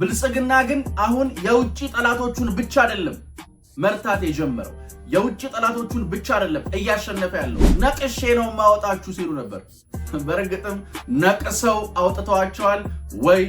ብልጽግና ግን አሁን የውጭ ጠላቶቹን ብቻ አይደለም መርታት የጀመረው የውጭ ጠላቶቹን ብቻ አይደለም እያሸነፈ ያለው ነቅሼ ነው ማወጣችሁ ሲሉ ነበር። በእርግጥም ነቅሰው አውጥተዋቸዋል ወይ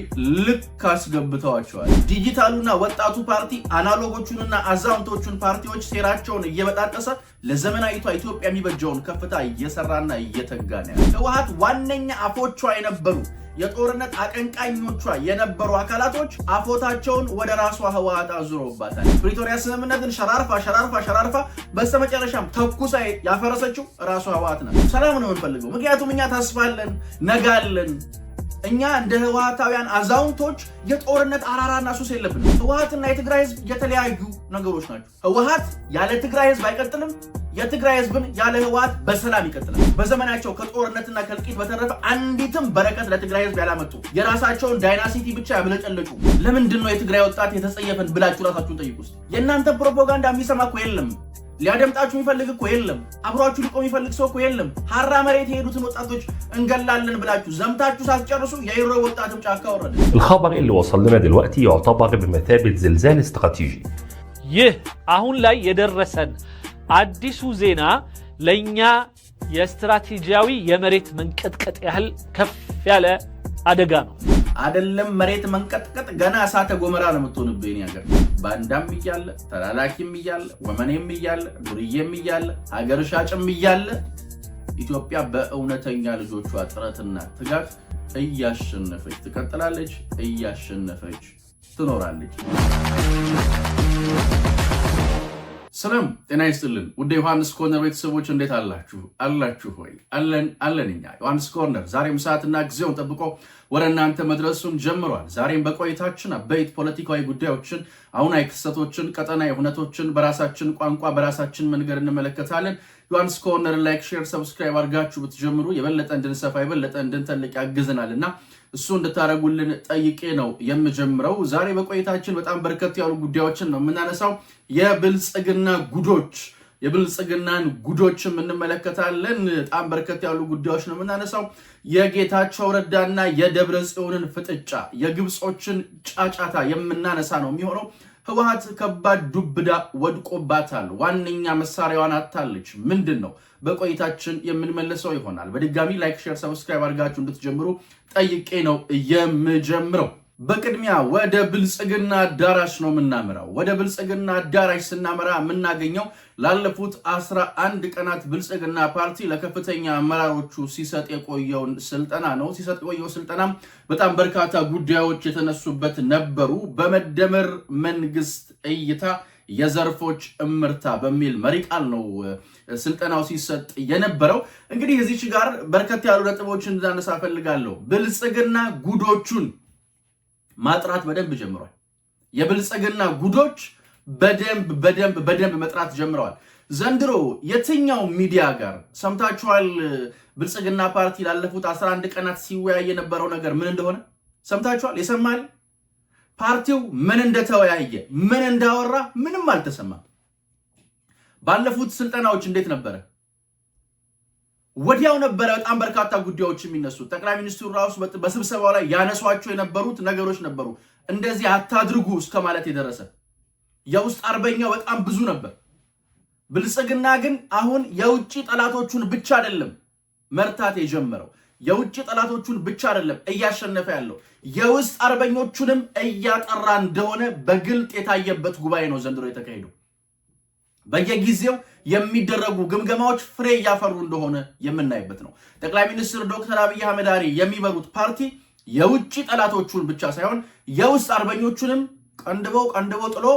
ልክ አስገብተዋቸዋል። ዲጂታሉና ወጣቱ ፓርቲ አናሎጎቹንና አዛውንቶቹን ፓርቲዎች ሴራቸውን እየበጣጠሰ ለዘመናዊቷ ኢትዮጵያ የሚበጀውን ከፍታ እየሰራና እየተጋ ነው። ህወሓት ዋነኛ አፎቿ የነበሩ የጦርነት አቀንቃኞቿ የነበሩ አካላቶች አፎታቸውን ወደ ራሷ ህወሓት አዙረውባታል። ፕሪቶሪያ ስምምነትን ሸራርፋ ሸራርፋ ሸራርፋ በስተመጨረሻም ተኩሳ ያፈረሰችው ራሷ ህወሓት ነው። ሰላም ነው የምንፈልገው፣ ምክንያቱም እኛ ታስፋለን፣ ነጋለን። እኛ እንደ ህወሓታውያን አዛውንቶች የጦርነት አራራና ሱስ የለብንም። ህወሓትና የትግራይ ህዝብ የተለያዩ ነገሮች ናቸው። ህወሓት ያለ ትግራይ ህዝብ አይቀጥልም። የትግራይ ህዝብን ያለ ህወሓት በሰላም ይቀጥላል። በዘመናቸው ከጦርነትና ከልቂት በተረፈ አንዲትም በረከት ለትግራይ ህዝብ ያላመጡ የራሳቸውን ዳይናሲቲ ብቻ ያብለጨለጩ ለምንድን ነው የትግራይ ወጣት የተጸየፈን ብላችሁ ራሳችሁን ጠይቁ። ውስጥ የእናንተ ፕሮፓጋንዳ የሚሰማ እኮ የለም። ሊያደምጣችሁ የሚፈልግ እኮ የለም። አብሯችሁ ሊቆም የሚፈልግ ሰው እኮ የለም። ሀራ መሬት የሄዱትን ወጣቶች እንገላለን ብላችሁ ዘምታችሁ ሳትጨርሱ የኢሮ ወጣትም ጫካ ወረደ። الخبر اللي وصلنا دلوقتي يعتبر بمثابة زلزال استراتيجي ይህ አሁን ላይ የደረሰን አዲሱ ዜና ለእኛ የስትራቴጂያዊ የመሬት መንቀጥቀጥ ያህል ከፍ ያለ አደጋ ነው። አደለም መሬት መንቀጥቀጥ ገና እሳተ ጎመራ ነው የምትሆንብን ሀገር። ባንዳም እያለ ተላላኪም እያለ ወመኔም እያለ ዱርዬም እያለ ሀገር ሻጭም እያለ ኢትዮጵያ በእውነተኛ ልጆቿ ጥረትና ትጋት እያሸነፈች ትቀጥላለች፣ እያሸነፈች ትኖራለች። ሰላም ጤና ይስጥልን። ወደ ዮሐንስ ኮርነር ቤተሰቦች እንዴት አላችሁ? አላችሁ ሆይ አለን አለን። እኛ ዮሐንስ ኮርነር ዛሬም ሰዓትና ጊዜውን ጠብቆ ወደ እናንተ መድረሱን ጀምሯል። ዛሬም በቆይታችን አበይት ፖለቲካዊ ጉዳዮችን፣ አሁናዊ ክስተቶችን፣ ቀጠናዊ ሁነቶችን በራሳችን ቋንቋ በራሳችን መንገድ እንመለከታለን። ዮሐንስ ኮርነር ላይክ፣ ሼር፣ ሰብስክራይብ አድርጋችሁ ብትጀምሩ የበለጠ እንድንሰፋ የበለጠ እንድንተልቅ ያግዘናል እና እሱ እንድታደርጉልን ጠይቄ ነው የምጀምረው። ዛሬ በቆይታችን በጣም በርከት ያሉ ጉዳዮችን ነው የምናነሳው። የብልጽግና ጉዶች የብልጽግናን ጉዶችም እንመለከታለን። በጣም በርከት ያሉ ጉዳዮች ነው የምናነሳው። የጌታቸው ረዳና የደብረ ጽዮንን ፍጥጫ፣ የግብጾችን ጫጫታ የምናነሳ ነው የሚሆነው። ህወሀት ከባድ ዱብዳ ወድቆባታል። ዋነኛ መሳሪያዋን አታለች። ምንድን ነው? በቆይታችን የምንመለሰው ይሆናል። በድጋሚ ላይክ፣ ሼር፣ ሰብስክራይብ አድርጋችሁ እንድትጀምሩ ጠይቄ ነው የምጀምረው። በቅድሚያ ወደ ብልጽግና አዳራሽ ነው የምናመራው። ወደ ብልጽግና አዳራሽ ስናመራ የምናገኘው ላለፉት አስራ አንድ ቀናት ብልጽግና ፓርቲ ለከፍተኛ አመራሮቹ ሲሰጥ የቆየው ስልጠና ነው። ሲሰጥ የቆየው ስልጠና በጣም በርካታ ጉዳዮች የተነሱበት ነበሩ። በመደመር መንግስት እይታ የዘርፎች እምርታ በሚል መሪ ቃል ነው ስልጠናው ሲሰጥ የነበረው። እንግዲህ እዚች ጋር በርከት ያሉ ነጥቦችን እንዳነሳ እፈልጋለሁ። ብልጽግና ጉዶቹን ማጥራት በደንብ ጀምሯል። የብልጽግና ጉዶች በደንብ በደንብ በደንብ መጥራት ጀምረዋል። ዘንድሮ የትኛው ሚዲያ ጋር ሰምታችኋል? ብልጽግና ፓርቲ ላለፉት 11 ቀናት ሲወያይ የነበረው ነገር ምን እንደሆነ ሰምታችኋል? የሰማል ፓርቲው ምን እንደተወያየ ምን እንዳወራ ምንም አልተሰማም። ባለፉት ስልጠናዎች እንዴት ነበረ? ወዲያው ነበረ በጣም በርካታ ጉዳዮች የሚነሱት። ጠቅላይ ሚኒስትሩ ራሱ በስብሰባው ላይ ያነሷቸው የነበሩት ነገሮች ነበሩ። እንደዚህ አታድርጉ እስከ ማለት የደረሰ የውስጥ አርበኛው በጣም ብዙ ነበር። ብልጽግና ግን አሁን የውጭ ጠላቶቹን ብቻ አይደለም መርታት የጀመረው የውጭ ጠላቶቹን ብቻ አይደለም እያሸነፈ ያለው የውስጥ አርበኞቹንም እያጠራ እንደሆነ በግልጥ የታየበት ጉባኤ ነው ዘንድሮ የተካሄደው። በየጊዜው የሚደረጉ ግምገማዎች ፍሬ እያፈሩ እንደሆነ የምናይበት ነው። ጠቅላይ ሚኒስትር ዶክተር አብይ አህመድ አሊ የሚመሩት ፓርቲ የውጭ ጠላቶቹን ብቻ ሳይሆን የውስጥ አርበኞቹንም ቀንድበው ቀንድበው ጥሎ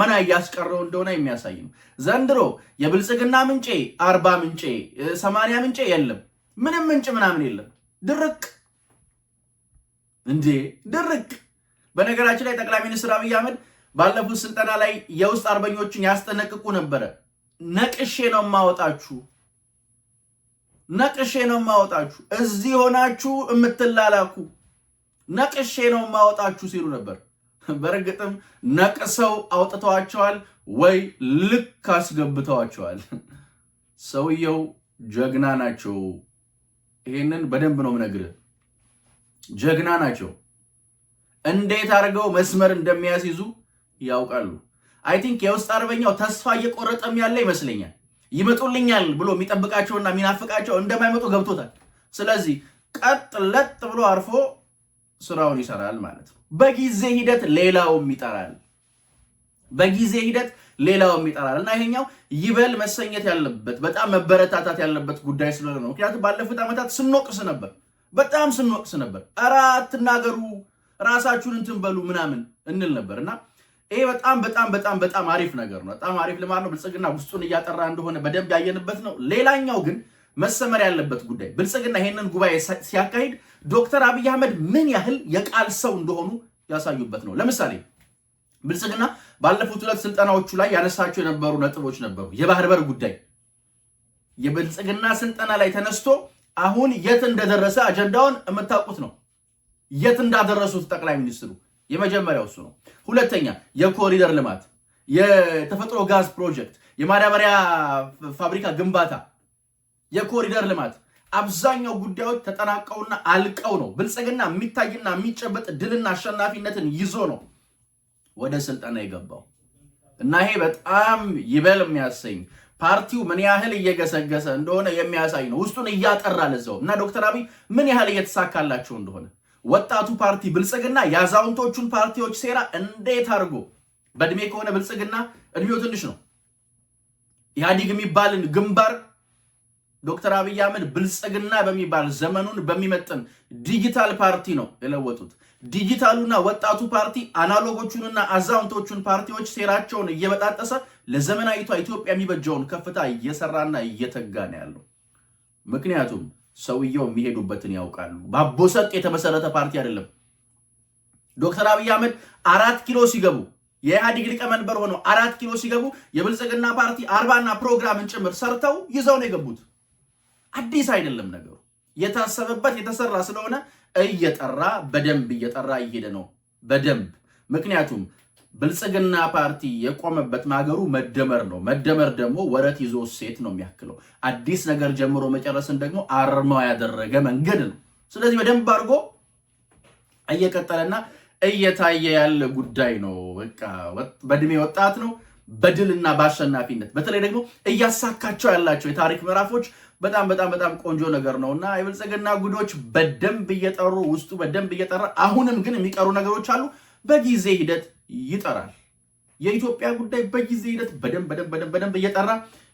መና እያስቀረው እንደሆነ የሚያሳይ ነው። ዘንድሮ የብልጽግና ምንጬ አርባ ምንጬ ሰማንያ ምንጬ የለም። ምንም ምንጭ ምናምን የለም። ድርቅ እንዴ ድርቅ። በነገራችን ላይ ጠቅላይ ሚኒስትር አብይ አህመድ ባለፉት ስልጠና ላይ የውስጥ አርበኞችን ያስጠነቅቁ ነበረ። ነቅሼ ነው የማወጣችሁ ነቅሼ ነው የማወጣችሁ እዚህ ሆናችሁ የምትላላኩ ነቅሼ ነው የማወጣችሁ ሲሉ ነበር። በእርግጥም ነቅሰው አውጥተዋቸዋል ወይ ልክ አስገብተዋቸዋል። ሰውየው ጀግና ናቸው። ይህንን በደንብ ነው የምነግርህ። ጀግና ናቸው። እንዴት አድርገው መስመር እንደሚያስይዙ ያውቃሉ። አይ ቲንክ የውስጥ አርበኛው ተስፋ እየቆረጠም ያለ ይመስለኛል። ይመጡልኛል ብሎ የሚጠብቃቸውና የሚናፍቃቸው እንደማይመጡ ገብቶታል። ስለዚህ ቀጥ ለጥ ብሎ አርፎ ስራውን ይሰራል ማለት ነው። በጊዜ ሂደት ሌላውም ይጠራል። በጊዜ ሂደት ሌላውም ይጠራል እና ይሄኛው ይበል መሰኘት ያለበት በጣም መበረታታት ያለበት ጉዳይ ስለሆነ ነው። ምክንያቱም ባለፉት ዓመታት ስንወቅስ ነበር፣ በጣም ስንወቅስ ነበር። ኧረ አትናገሩ፣ ራሳችሁን እንትን በሉ ምናምን እንል ነበር እና ይሄ በጣም በጣም በጣም በጣም አሪፍ ነገር ነው። በጣም አሪፍ ልማድ ነው። ብልጽግና ውስጡን እያጠራ እንደሆነ በደንብ ያየንበት ነው። ሌላኛው ግን መሰመር ያለበት ጉዳይ ብልጽግና ይሄንን ጉባኤ ሲያካሂድ ዶክተር አብይ አህመድ ምን ያህል የቃል ሰው እንደሆኑ ያሳዩበት ነው። ለምሳሌ ብልጽግና ባለፉት ሁለት ስልጠናዎቹ ላይ ያነሳቸው የነበሩ ነጥቦች ነበሩ። የባህር በር ጉዳይ የብልጽግና ስልጠና ላይ ተነስቶ አሁን የት እንደደረሰ አጀንዳውን የምታውቁት ነው። የት እንዳደረሱት ጠቅላይ ሚኒስትሩ የመጀመሪያው እሱ ነው። ሁለተኛ የኮሪደር ልማት፣ የተፈጥሮ ጋዝ ፕሮጀክት፣ የማዳበሪያ ፋብሪካ ግንባታ፣ የኮሪደር ልማት አብዛኛው ጉዳዮች ተጠናቀውና አልቀው ነው ብልጽግና የሚታይና የሚጨበጥ ድልና አሸናፊነትን ይዞ ነው ወደ ስልጠና የገባው እና ይሄ በጣም ይበል የሚያሰኝ ፓርቲው ምን ያህል እየገሰገሰ እንደሆነ የሚያሳይ ነው። ውስጡን እያጠራ ለዛው እና ዶክተር አብይ ምን ያህል እየተሳካላቸው እንደሆነ ወጣቱ ፓርቲ ብልጽግና የአዛውንቶቹን ፓርቲዎች ሴራ እንዴት አድርጎ በእድሜ ከሆነ ብልጽግና እድሜው ትንሽ ነው። ኢህአዲግ የሚባልን ግንባር ዶክተር አብይ አህመድ ብልጽግና በሚባል ዘመኑን በሚመጥን ዲጂታል ፓርቲ ነው የለወጡት። ዲጂታሉና ወጣቱ ፓርቲ አናሎጎቹንና አዛውንቶቹን ፓርቲዎች ሴራቸውን እየበጣጠሰ ለዘመናዊቷ ኢትዮጵያ የሚበጀውን ከፍታ እየሰራና እየተጋ ነው ያለው ምክንያቱም ሰውየው የሚሄዱበትን ያውቃሉ። ባቦሰጥ የተመሰረተ ፓርቲ አይደለም። ዶክተር አብይ አህመድ አራት ኪሎ ሲገቡ የኢህአዴግ ሊቀመንበር ሆነው አራት ኪሎ ሲገቡ የብልጽግና ፓርቲ አርባና ፕሮግራምን ጭምር ሰርተው ይዘው ነው የገቡት። አዲስ አይደለም ነገሩ። የታሰበበት የተሰራ ስለሆነ እየጠራ በደንብ እየጠራ እየሄደ ነው በደንብ ምክንያቱም ብልጽግና ፓርቲ የቆመበት ማገሩ መደመር ነው። መደመር ደግሞ ወረት ይዞ ሴት ነው የሚያክለው። አዲስ ነገር ጀምሮ መጨረስን ደግሞ አርማው ያደረገ መንገድ ነው። ስለዚህ በደንብ አድርጎ እየቀጠለና እየታየ ያለ ጉዳይ ነው። በቃ በእድሜ ወጣት ነው። በድልና በአሸናፊነት በተለይ ደግሞ እያሳካቸው ያላቸው የታሪክ ምዕራፎች በጣም በጣም በጣም ቆንጆ ነገር ነው እና የብልጽግና ጉዶች በደንብ እየጠሩ ውስጡ በደንብ እየጠራ አሁንም ግን የሚቀሩ ነገሮች አሉ። በጊዜ ሂደት ይጠራል። የኢትዮጵያ ጉዳይ በጊዜ ሂደት በደንብ በደንብ በደንብ እየጠራ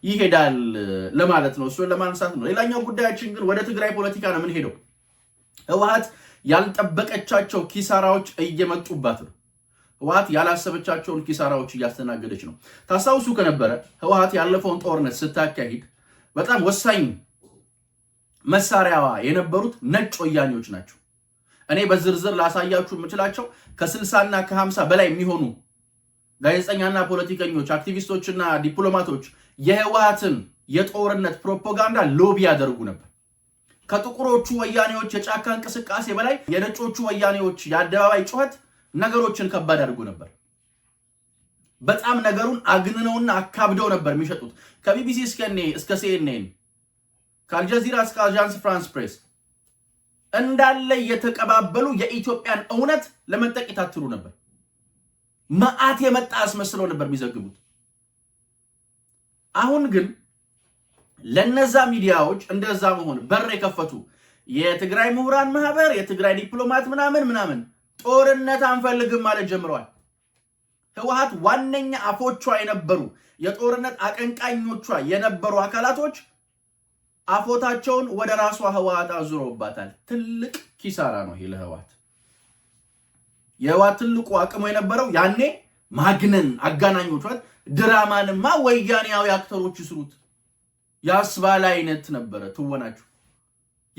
ይሄዳል ለማለት ነው። እሱን ለማንሳት ነው። ሌላኛው ጉዳያችን ግን ወደ ትግራይ ፖለቲካ ነው የምንሄደው። ህወሓት ያልጠበቀቻቸው ኪሳራዎች እየመጡባት ነው። ህወሓት ያላሰበቻቸውን ኪሳራዎች እያስተናገደች ነው። ታስታውሱ ከነበረ ህወሓት ያለፈውን ጦርነት ስታካሂድ በጣም ወሳኝ መሳሪያዋ የነበሩት ነጭ ወያኔዎች ናቸው። እኔ በዝርዝር ላሳያችሁ የምችላቸው ከስልሳና ከሀምሳ በላይ የሚሆኑ ጋዜጠኛና ፖለቲከኞች፣ አክቲቪስቶችና ዲፕሎማቶች የህወሀትን የጦርነት ፕሮፓጋንዳ ሎቢ ያደርጉ ነበር። ከጥቁሮቹ ወያኔዎች የጫካ እንቅስቃሴ በላይ የነጮቹ ወያኔዎች የአደባባይ ጩኸት ነገሮችን ከባድ አድርጎ ነበር። በጣም ነገሩን አግንነውና አካብደው ነበር የሚሸጡት ከቢቢሲ እስከ ሲኤንኤን ከአልጀዚራ እስከ አዣንስ ፍራንስ ፕሬስ እንዳለ እየተቀባበሉ የኢትዮጵያን እውነት ለመንጠቅ ይታትሩ ነበር። መዓት የመጣ አስመስለው ነበር የሚዘግቡት። አሁን ግን ለነዛ ሚዲያዎች እንደዛ መሆን በር የከፈቱ የትግራይ ምሁራን ማህበር፣ የትግራይ ዲፕሎማት ምናምን ምናምን ጦርነት አንፈልግም ማለት ጀምረዋል። ህወሓት ዋነኛ አፎቿ የነበሩ የጦርነት አቀንቃኞቿ የነበሩ አካላቶች አፎታቸውን ወደ ራሷ ህወሓት አዙረውባታል። ትልቅ ኪሳራ ነው ይህ ለህወሓት። የህወሓት ትልቁ አቅሙ የነበረው ያኔ ማግነን አጋናኞቿት ድራማንማ ወያኔያዊ አክተሮች ይስሩት ያስባለ አይነት ነበረ ትወናችሁ፣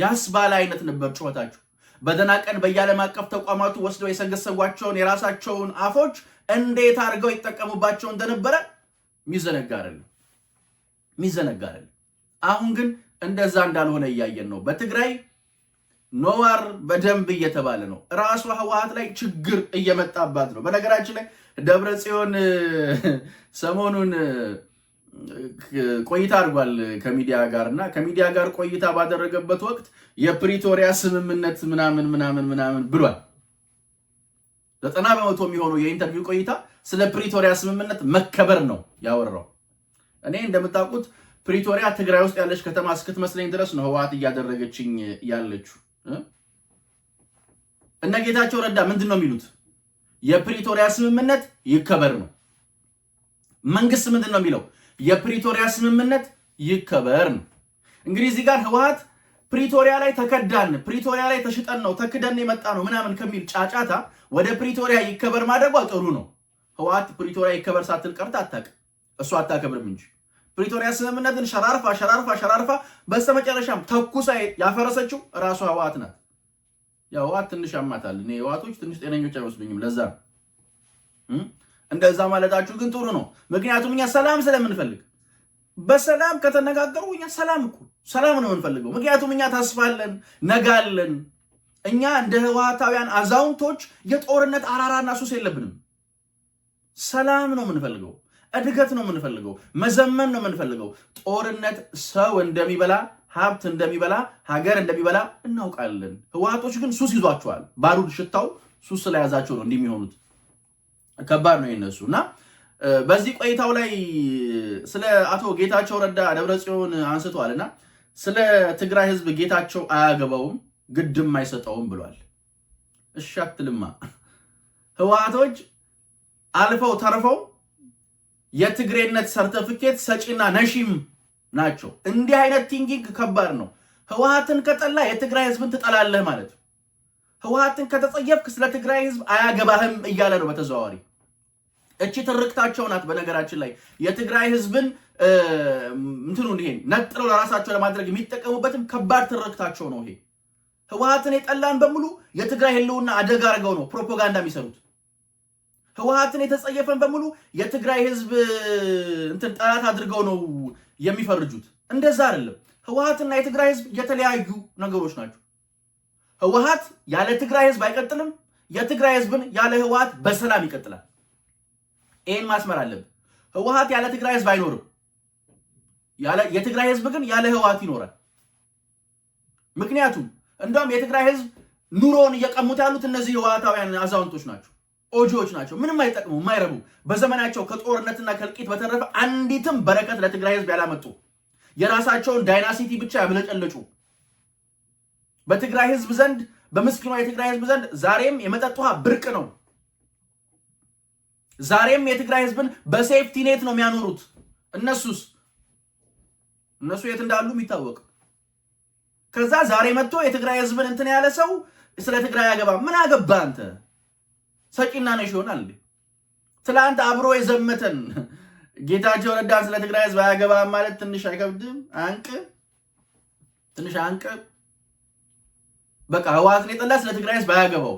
ያስባለ አይነት ነበር ጩኸታችሁ። በደህና ቀን በየዓለም አቀፍ ተቋማቱ ወስደው የሰገሰጓቸውን የራሳቸውን አፎች እንዴት አድርገው ይጠቀሙባቸው እንደነበረ ሚዘነጋ አይደለም፣ ሚዘነጋ አይደለም። አሁን ግን እንደዛ እንዳልሆነ እያየን ነው። በትግራይ ኖዋር በደንብ እየተባለ ነው። ራሱ ህወሓት ላይ ችግር እየመጣባት ነው። በነገራችን ላይ ደብረ ጽዮን ሰሞኑን ቆይታ አድርጓል ከሚዲያ ጋር እና ከሚዲያ ጋር ቆይታ ባደረገበት ወቅት የፕሪቶሪያ ስምምነት ምናምን ምናምን ምናምን ብሏል። ዘጠና በመቶ የሚሆነው የኢንተርቪው ቆይታ ስለ ፕሪቶሪያ ስምምነት መከበር ነው ያወራው። እኔ እንደምታውቁት ፕሪቶሪያ ትግራይ ውስጥ ያለች ከተማ እስክትመስለኝ ድረስ ነው ህወሓት እያደረገችኝ ያለችው። እነ ጌታቸው ረዳ ምንድን ነው የሚሉት? የፕሪቶሪያ ስምምነት ይከበር ነው። መንግስት ምንድን ነው የሚለው? የፕሪቶሪያ ስምምነት ይከበር ነው። እንግዲህ እዚህ ጋር ህወሓት ፕሪቶሪያ ላይ ተከዳን፣ ፕሪቶሪያ ላይ ተሽጠን ነው ተክደን የመጣ ነው ምናምን ከሚል ጫጫታ ወደ ፕሪቶሪያ ይከበር ማድረጓ ጥሩ ነው። ህወሓት ፕሪቶሪያ ይከበር ሳትል ቀርታ አታውቅም፣ እሱ አታከብርም እንጂ ፕሪቶሪያ ስምምነትን ሸራርፋ ሸራርፋ ሸራርፋ በስተመጨረሻም ተኩሳ ያፈረሰችው ራሱ ህወሓት ናት። ያው ህወሓት ትንሽ ያማታል። እኔ ህወሓቶች ትንሽ ጤነኞች አይመስሉኝም። ለዛ እንደዛ ማለታችሁ ግን ጥሩ ነው። ምክንያቱም እኛ ሰላም ስለምንፈልግ በሰላም ከተነጋገሩ እኛ ሰላም እኮ ሰላም ነው የምንፈልገው። ምክንያቱም እኛ ተስፋለን፣ ነጋለን። እኛ እንደ ህወሓታውያን አዛውንቶች የጦርነት አራራና ሱስ የለብንም። ሰላም ነው የምንፈልገው። እድገት ነው የምንፈልገው፣ መዘመን ነው የምንፈልገው። ጦርነት ሰው እንደሚበላ ሀብት እንደሚበላ ሀገር እንደሚበላ እናውቃለን። ህወሓቶች ግን ሱስ ይዟቸዋል። ባሩድ ሽታው ሱስ ስለያዛቸው ነው እንዲህ የሚሆኑት። ከባድ ነው የነሱ እና በዚህ ቆይታው ላይ ስለ አቶ ጌታቸው ረዳ ደብረጽዮን አንስተዋል እና ስለ ትግራይ ህዝብ ጌታቸው አያገባውም ግድም አይሰጠውም ብሏል። እሺ አትልማ ህወሓቶች አልፈው ተርፈው የትግሬነት ሰርተፍኬት ሰጪና ነሺም ናቸው። እንዲህ አይነት ቲንኪንግ ከባድ ነው። ህወሀትን ከጠላ የትግራይ ህዝብን ትጠላለህ ማለት ነው። ህወሓትን ከተጸየፍክ ስለ ትግራይ ህዝብ አያገባህም እያለ ነው በተዘዋዋሪ። እቺ ትርክታቸው ናት። በነገራችን ላይ የትግራይ ህዝብን እንትኑ ይሄን ነጥለው ለራሳቸው ለማድረግ የሚጠቀሙበትም ከባድ ትርክታቸው ነው ይሄ። ህወሀትን የጠላን በሙሉ የትግራይ ህልውና አደጋ አድርገው ነው ፕሮፓጋንዳ የሚሰሩት። ህወሀትን የተጸየፈን በሙሉ የትግራይ ህዝብ እንትን ጠላት አድርገው ነው የሚፈርጁት። እንደዛ አይደለም። ህወሀትና የትግራይ ህዝብ የተለያዩ ነገሮች ናቸው። ህወሀት ያለ ትግራይ ህዝብ አይቀጥልም። የትግራይ ህዝብን ያለ ህወሀት በሰላም ይቀጥላል። ይህን ማስመር አለብን። ህወሀት ያለ ትግራይ ህዝብ አይኖርም። የትግራይ ህዝብ ግን ያለ ህወሀት ይኖራል። ምክንያቱም እንደውም የትግራይ ህዝብ ኑሮውን እየቀሙት ያሉት እነዚህ ህወሓታውያን አዛውንቶች ናቸው። ኦጂዎች ናቸው። ምንም አይጠቅሙ የማይረቡ በዘመናቸው ከጦርነትና ከልቂት በተረፈ አንዲትም በረከት ለትግራይ ህዝብ ያላመጡ የራሳቸውን ዳይናሲቲ ብቻ ያብለጨለጩ በትግራይ ህዝብ ዘንድ በምስኪኗ የትግራይ ህዝብ ዘንድ ዛሬም የመጠጥ ውሃ ብርቅ ነው። ዛሬም የትግራይ ህዝብን በሴፍቲ ኔት ነው የሚያኖሩት። እነሱስ እነሱ የት እንዳሉ የሚታወቅ ከዛ ዛሬ መጥቶ የትግራይ ህዝብን እንትን ያለ ሰው ስለ ትግራይ ያገባ ምን አገባ አንተ ሰጪና ነሽ ይሆናል እንዴ? ትላንት አብሮ የዘመተን ጌታቸው ረዳን ስለ ትግራይ ህዝብ አያገባም ማለት ትንሽ አይከብድም? አንቅ ትንሽ አንቅ። በቃ ህወሓትን የጠላ ስለ ትግራይ ህዝብ አያገባው።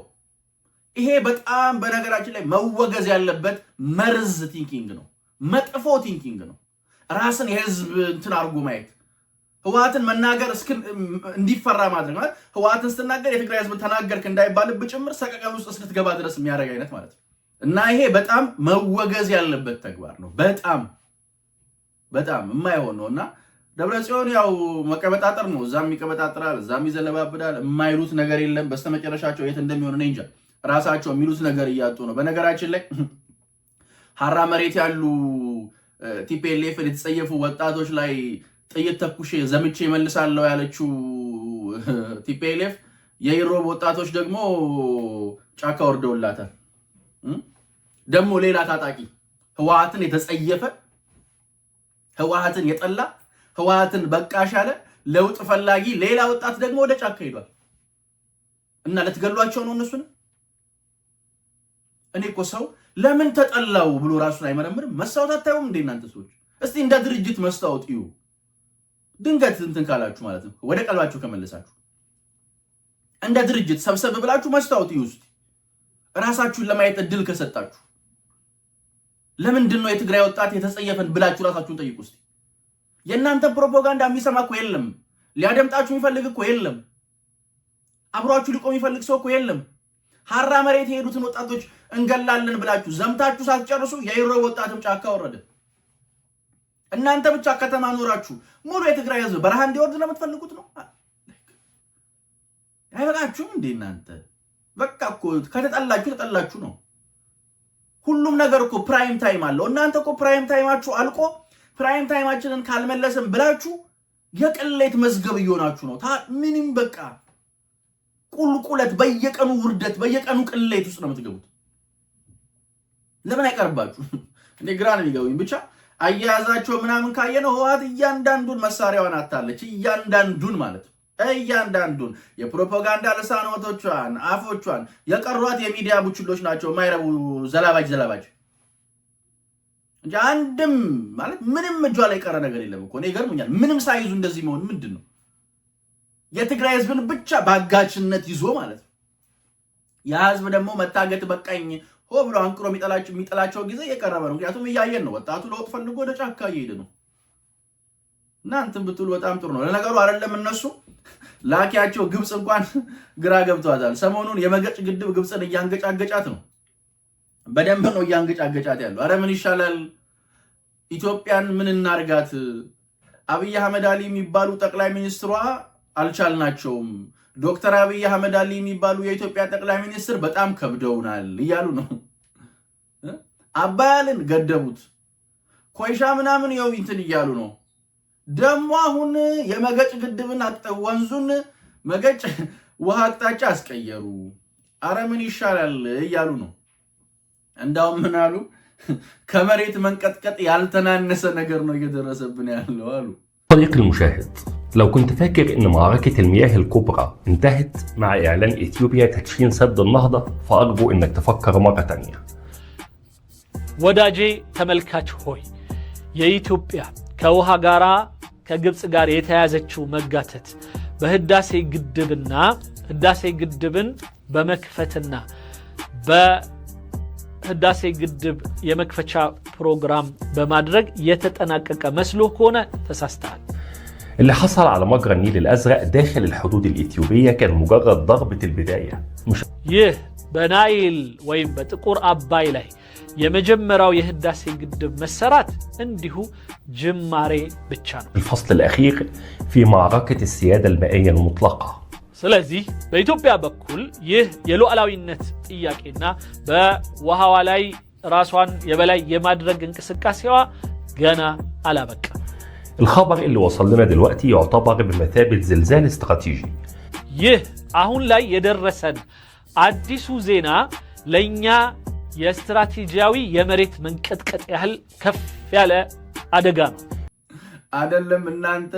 ይሄ በጣም በነገራችን ላይ መወገዝ ያለበት መርዝ ቲንኪንግ ነው፣ መጥፎ ቲንኪንግ ነው። ራስን የህዝብ እንትን አድርጎ ማየት ህወሓትን መናገር እንዲፈራ ማድረግ ማለት ህወሓትን ስትናገር የትግራይ ህዝብ ተናገርክ እንዳይባልብ ጭምር ሰቀቀን ውስጥ እስክትገባ ድረስ የሚያደርግ አይነት ማለት ነው እና ይሄ በጣም መወገዝ ያለበት ተግባር ነው። በጣም በጣም የማይሆን ነው እና ደብረ ጽዮን ያው መቀበጣጠር ነው። እዛም ይቀበጣጥራል፣ እዛም ይዘለባብዳል። የማይሉት ነገር የለም። በስተመጨረሻቸው የት እንደሚሆን እኔ እንጃ። ራሳቸው የሚሉት ነገር እያጡ ነው። በነገራችን ላይ ሀራ መሬት ያሉ ቲፒኤልኤፍን የተጸየፉ ወጣቶች ላይ ጥይት ተኩሼ ዘምቼ መልሳለሁ ያለችው ቲፒኤልኤፍ የኢሮብ ወጣቶች ደግሞ ጫካ ወርደውላታል። ደግሞ ሌላ ታጣቂ ህወሓትን የተጸየፈ ህወሓትን የጠላ ህወሓትን በቃሽ አለ ለውጥ ፈላጊ ሌላ ወጣት ደግሞ ወደ ጫካ ሄዷል እና ልትገሏቸው ነው እነሱን። እኔ እኮ ሰው ለምን ተጠላው ብሎ ራሱን አይመረምርም። መስታወት አታዩም እንዴ እናንተ ሰዎች? እስቲ እንደ ድርጅት መስታወት ይሁን ድንገት እንትን ካላችሁ ማለት ነው፣ ወደ ቀልባችሁ ከመለሳችሁ እንደ ድርጅት ሰብሰብ ብላችሁ መስታወት እዩ እስቲ፣ ራሳችሁን ለማየት እድል ከሰጣችሁ ለምንድን ነው የትግራይ ወጣት የተጸየፈን ብላችሁ ራሳችሁን ጠይቁ እስቲ። የእናንተን ፕሮፓጋንዳ የሚሰማ እኮ የለም። ሊያደምጣችሁ የሚፈልግ እኮ የለም። አብሯችሁ ሊቆም የሚፈልግ ሰው እኮ የለም። ሀራ መሬት የሄዱትን ወጣቶች እንገላለን ብላችሁ ዘምታችሁ ሳትጨርሱ የኢሮብ ወጣትም ጫካ ወረደ። እናንተ ብቻ ከተማ ኖራችሁ ሙሉ የትግራይ ህዝብ በረሃ እንዲወርድ ለምትፈልጉት ነው። አይበቃችሁም እንዴ እናንተ? በቃ እኮ ከተጠላችሁ ተጠላችሁ ነው። ሁሉም ነገር እኮ ፕራይም ታይም አለው። እናንተ እኮ ፕራይም ታይማችሁ አልቆ ፕራይም ታይማችንን ካልመለስን ብላችሁ የቅሌት መዝገብ እየሆናችሁ ነው። ምንም በቃ ቁልቁለት፣ በየቀኑ ውርደት፣ በየቀኑ ቅሌት ውስጥ ነው የምትገቡት። ለምን አይቀርባችሁ? እንዴ? ግራ ነው የሚገቡኝ ብቻ አያያዛቸው ምናምን ካየነው ህወሓት እያንዳንዱን መሳሪያዋን አታለች። እያንዳንዱን ማለት ነው እያንዳንዱን የፕሮፓጋንዳ ልሳኖቶቿን አፎቿን የቀሯት የሚዲያ ቡችሎች ናቸው። ማይረቡ ዘላባጅ ዘላባጅ እንጂ አንድም ማለት ምንም እጇ ላይ ቀረ ነገር የለም እኮ እኔ ይገርሙኛል። ምንም ሳይዙ እንደዚህ መሆን ምንድን ነው? የትግራይ ህዝብን ብቻ በአጋችነት ይዞ ማለት ነው። ያ ህዝብ ደግሞ መታገት በቃኝ ሆ ብሎ አንቅሮ የሚጠላቸው ጊዜ እየቀረበ ነው። ምክንያቱም እያየን ነው። ወጣቱ ለውጥ ፈልጎ ወደ ጫካ እየሄደ ነው እና እንትን ብትሉ በጣም ጥሩ ነው። ለነገሩ አይደለም እነሱ ላኪያቸው ግብፅ እንኳን ግራ ገብቷታል። ሰሞኑን የመገጭ ግድብ ግብፅን እያንገጫገጫት ነው። በደንብ ነው እያንገጫገጫት ያለው። አረ ምን ይሻላል ኢትዮጵያን ምን እናርጋት? አብይ አህመድ አሊ የሚባሉ ጠቅላይ ሚኒስትሯ አልቻልናቸውም ዶክተር አብይ አህመድ አሊ የሚባሉ የኢትዮጵያ ጠቅላይ ሚኒስትር በጣም ከብደውናል እያሉ ነው። አባያልን ገደቡት፣ ኮይሻ ምናምን የው እንትን እያሉ ነው። ደግሞ አሁን የመገጭ ግድብን ወንዙን መገጭ ውሃ አቅጣጫ አስቀየሩ። አረ ምን ይሻላል እያሉ ነው። እንዳውም ምን አሉ፣ ከመሬት መንቀጥቀጥ ያልተናነሰ ነገር ነው እየደረሰብን ያለው አሉ። ጠሪቅ لو كنت فاكر ان معركة المياه الكبرى انتهت مع اعلان اثيوبيا تكفين سد النهضة فارجو انك تفكر مرة تانية وداجي تملكاتش هوي يايتوبيا كوها غارا كجبس غار يتازتشو مقاتت بهداسي قدبنا هداسي قدبن بمكفتنا ب ህዳሴ ግድብ የመክፈቻ ፕሮግራም በማድረግ የተጠናቀቀ መስሎ ከሆነ اللي حصل على مجرى النيل الازرق داخل الحدود الاثيوبيه كان مجرد ضربه البدايه مش يه بنايل وين بتقور اباي له يا مجمره ويا هداسي قدم عنده جماري بتشان الفصل الاخير في معركه السياده المائيه المطلقه ስለዚህ በኢትዮጵያ በኩል ይህ የሉዓላዊነት ጥያቄና በውሃዋ ላይ ራሷን የበላይ የማድረግ እንቅስቃሴዋ ገና አላበቃ الخبر اللي وصل لنا دلوقتي يعتبر بمثابة زلزال استراتيجي ይህ አሁን ላይ የደረሰን አዲሱ ዜና ለእኛ የስትራቴጂያዊ የመሬት መንቀጥቀጥ ያህል ከፍ ያለ አደጋ ነው። አይደለም እናንተ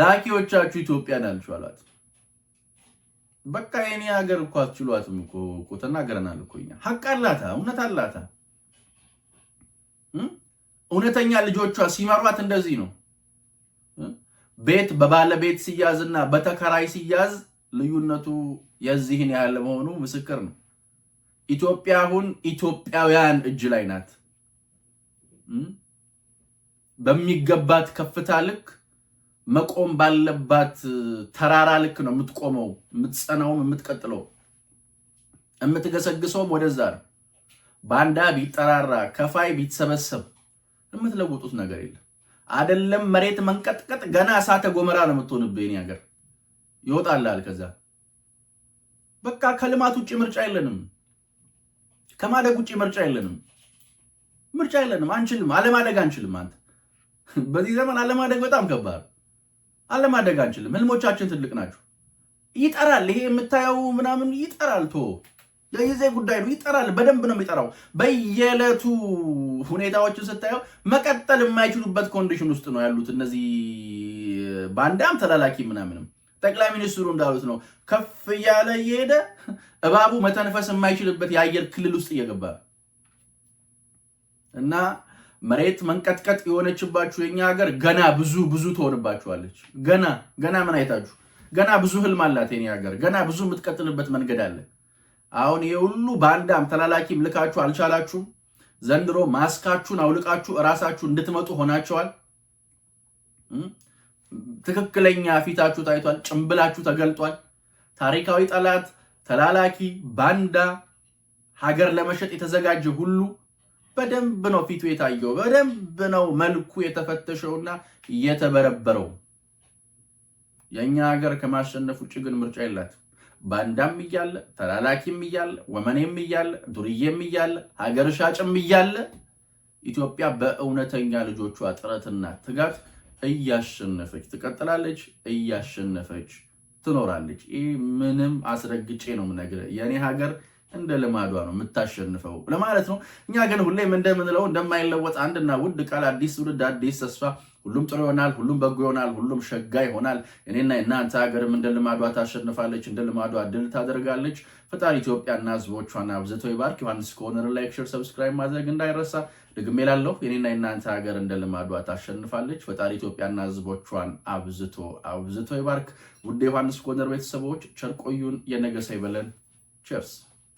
ላኪዎቻችሁ ኢትዮጵያን አልቻሏት። በቃ የኔ ሀገር እኮ አትችሏትም እኮ እኮ ተናገረናል እኮ እኛ። ሀቅ አላታ፣ እውነት አላታ። እውነተኛ ልጆቿ ሲመሯት እንደዚህ ነው። ቤት በባለቤት ሲያዝ እና በተከራይ ሲያዝ ልዩነቱ የዚህን ያህል መሆኑ ምስክር ነው። ኢትዮጵያ አሁን ኢትዮጵያውያን እጅ ላይ ናት። በሚገባት ከፍታ ልክ መቆም ባለባት ተራራ ልክ ነው የምትቆመው፣ የምትጸናውም፣ የምትቀጥለው የምትገሰግሰውም ወደዛ ነው። ባንዳ ቢጠራራ ከፋይ ቢሰበሰብ የምትለውጡት ነገር የለም። አደለም መሬት መንቀጥቀጥ ገና እሳተ ጎመራ ነው የምትሆንብህ። የእኔ ሀገር ይወጣልሃል። ከዛ በቃ ከልማት ውጭ ምርጫ የለንም። ከማደግ ውጭ ምርጫ የለንም። ምርጫ የለንም። አንችልም። አለማደግ አንችልም። አንተ በዚህ ዘመን አለማደግ በጣም ከባድ። አለማደግ አንችልም። ህልሞቻችን ትልቅ ናቸው። ይጠራል። ይሄ የምታየው ምናምን ይጠራል ቶ ለጊዜ ጉዳይ ነው። ይጠራል፣ በደንብ ነው የሚጠራው። በየዕለቱ ሁኔታዎችን ስታየው መቀጠል የማይችሉበት ኮንዲሽን ውስጥ ነው ያሉት እነዚህ ባንዳም ተላላኪ ምናምንም። ጠቅላይ ሚኒስትሩ እንዳሉት ነው ከፍ እያለ እየሄደ እባቡ መተንፈስ የማይችልበት የአየር ክልል ውስጥ እየገባ እና መሬት መንቀጥቀጥ የሆነችባችሁ የኛ ሀገር ገና ብዙ ብዙ ትሆንባችኋለች። ገና ገና ምን አይታችሁ ገና ብዙ ህልም አላት የኔ ሀገር ገና ብዙ የምትቀጥልበት መንገድ አለ። አሁን ይሄ ሁሉ በአንድ አም ተላላኪም ልካችሁ አልቻላችሁም። ዘንድሮ ማስካችሁን አውልቃችሁ እራሳችሁ እንድትመጡ ሆናቸዋል። ትክክለኛ ፊታችሁ ታይቷል። ጭምብላችሁ ተገልጧል። ታሪካዊ ጠላት፣ ተላላኪ፣ ባንዳ፣ ሀገር ለመሸጥ የተዘጋጀ ሁሉ በደንብ ነው ፊቱ የታየው። በደንብ ነው መልኩ የተፈተሸውና የተበረበረው። የእኛ ሀገር ከማሸነፍ ውጭ ግን ምርጫ የላትም። ባንዳም እያለ ተላላኪም እያለ ወመኔም እያለ ዱርዬም እያለ ሀገር ሻጭም እያለ ኢትዮጵያ በእውነተኛ ልጆቿ ጥረትና ትጋት እያሸነፈች ትቀጥላለች፣ እያሸነፈች ትኖራለች። ይህ ምንም አስረግጬ ነው የምነግርህ የእኔ ሀገር እንደ ልማዷ ነው የምታሸንፈው ለማለት ነው። እኛ ግን ሁሌም እንደምንለው እንደማይለወጥ አንድና ውድ ቃል አዲስ ትውልድ አዲስ ተስፋ ሁሉም ጥሩ ይሆናል፣ ሁሉም በጎ ይሆናል፣ ሁሉም ሸጋ ይሆናል። እኔና እናንተ ሀገርም እንደ ልማዷ ታሸንፋለች፣ እንደ ልማዷ ድል ታደርጋለች። ፈጣሪ ኢትዮጵያና ሕዝቦቿን አብዝቶ ይባርክ። ዮሐንስ ኮርነር ላይክ፣ ሼር፣ ሰብስክራይብ ማድረግ እንዳይረሳ። ድግሜ ላለሁ የኔና የናንተ ሀገር እንደ ልማዷ ታሸንፋለች። ፈጣሪ ኢትዮጵያና ሕዝቦቿን አብዝቶ አብዝቶ ይባርክ። ውድ ዮሐንስ ኮርነር ቤተሰቦች ቸርቆዩን የነገሰ ይበለን። ቸርስ